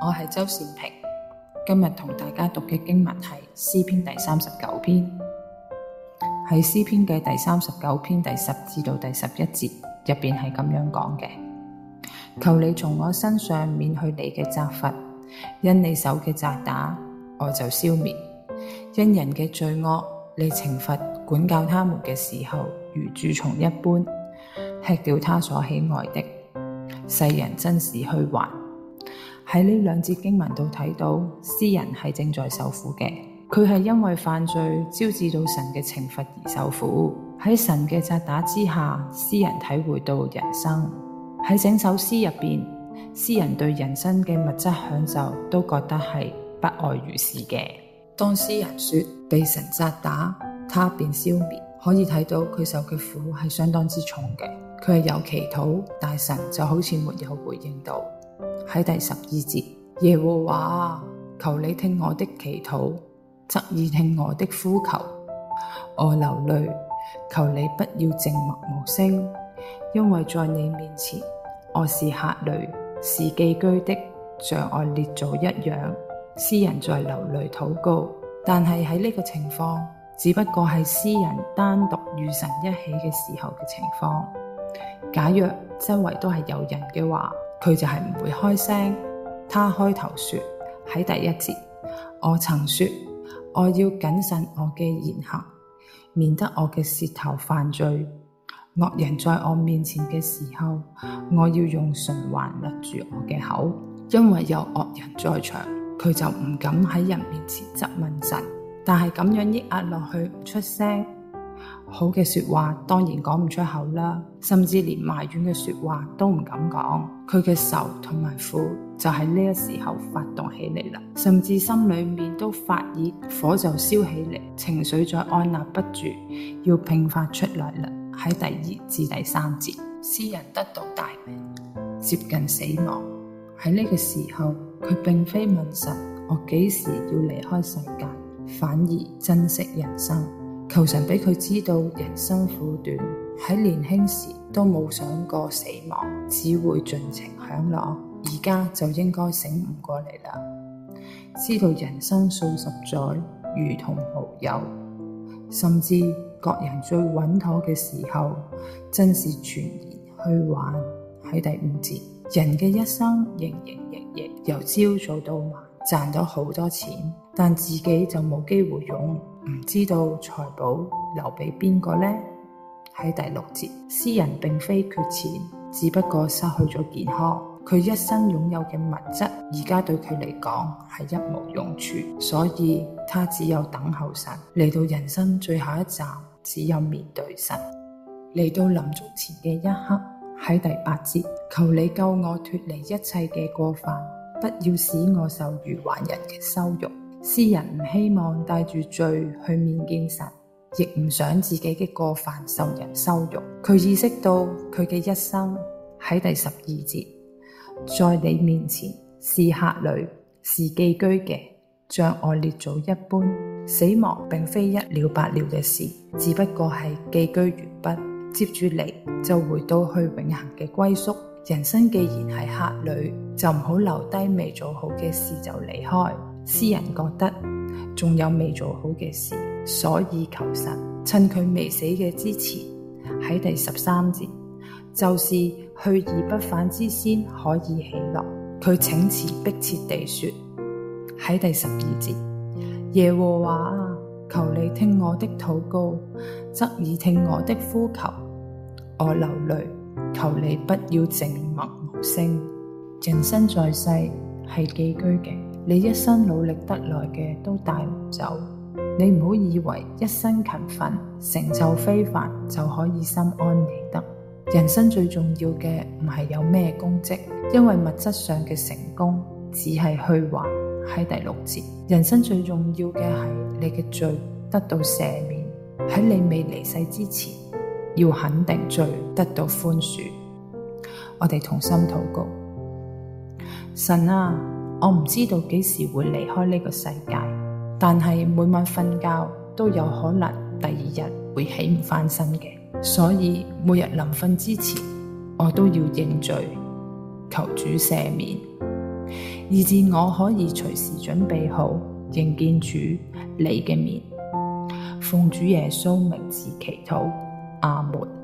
我係周善平，今日同大家讀嘅經文係詩篇第三十九篇，喺詩篇嘅第三十九篇第十至到第十一節入邊係咁樣講嘅：求你從我身上免去你嘅責罰，因你手嘅責打我就消滅；因人嘅罪惡，你懲罰管教他們嘅時候如蛀蟲一般，吃掉他所喜愛的。世人真是虛幻。喺呢兩節經文度睇到，詩人係正在受苦嘅，佢係因為犯罪招致到神嘅懲罰而受苦。喺神嘅責打之下，詩人體會到人生。喺整首詩入面，詩人對人生嘅物質享受都覺得係不外如是嘅。當詩人說被神責打，他便消滅，可以睇到佢受嘅苦係相當之重嘅。佢係有祈禱，但神就好似沒有回應到。喺第十二節，耶和華，求你聽我的祈禱，側耳聽我的呼求。我流淚，求你不要靜默無聲，因為在你面前，我是客旅，是寄居的，像我列祖一樣。詩人在流淚禱告，但係喺呢個情況，只不過係詩人單獨與神一起嘅時候嘅情況。假若周圍都係有人嘅話。佢就係唔會開聲。他開頭說，喺第一節，我曾說，我要謹慎我嘅言行，免得我嘅舌頭犯罪。惡人在我面前嘅時候，我要用嚼環勒住我嘅口。因為有惡人在場，佢就唔敢喺人面前質問神。但係咁樣抑壓落去，唔出聲。好嘅説話當然講唔出口啦，甚至連埋怨嘅説話都唔敢講。佢嘅愁同埋苦就喺呢一個時候發動起嚟啦，甚至心裏面都發熱，火就燒起嚟，情緒再按捺不住，要迸發出嚟啦。喺第二至第三節，詩人得到大名，接近死亡。喺呢個時候，佢並非問神我幾時要離開世界，反而珍惜人生。求神畀佢知道人生苦短，喺年輕時都冇想過死亡，只會盡情享樂。而家就應該醒悟過嚟啦，知道人生數十載如同無有，甚至各人最穩妥嘅時候，真是全然虛幻。喺第五節，人嘅一生營營役役，由朝早到晚賺咗好多錢，但自己就冇機會用。唔知道財寶留俾邊個呢？喺第六節，詩人並非缺錢，只不過失去咗健康，佢一生擁有嘅物質而家對佢嚟講係一無用處，所以他只有等候神嚟到人生最後一站，只有面對神嚟到臨終前嘅一刻。喺第八節，求你救我脫離一切嘅過犯，不要使我受愚頑人嘅羞辱。詩人唔希望帶住罪去面見神，亦唔想自己嘅過犯受人羞辱。佢意識到佢嘅一生，喺第十二節，在你面前是客旅，是寄居嘅，像我列祖一般。死亡並非一了百了嘅事，只不過係寄居完畢，接住嚟就回到去永恆嘅歸宿。人生既然係客旅，就唔好留低未做好嘅事就離開。私人覺得仲有未做好嘅事，所以求神趁佢未死嘅之前，喺第十三節，就是去而不返之先可以起落。佢請辭迫切地説，喺第十二節，耶和華啊，求你聽我的禱告，側耳聽我的呼求。我流淚，求你不要靜默無聲。人生在世係寄居嘅。你一生努力得來嘅都帶唔走，你唔好以為一生勤奮成就非凡就可以心安理得。人生最重要嘅唔係有咩功績，因為物質上嘅成功只係虛幻。喺第六節，人生最重要嘅係你嘅罪得到赦免。喺你未離世之前，要肯定罪得到寬恕。我哋同心禱告，神啊！我唔知道幾時會離開呢個世界，但係每晚瞓覺都有可能第二日會起唔返身嘅，所以每日臨瞓之前，我都要認罪，求主赦免，以至我可以隨時準備好迎見主你嘅面，奉主耶穌名字祈禱，阿門。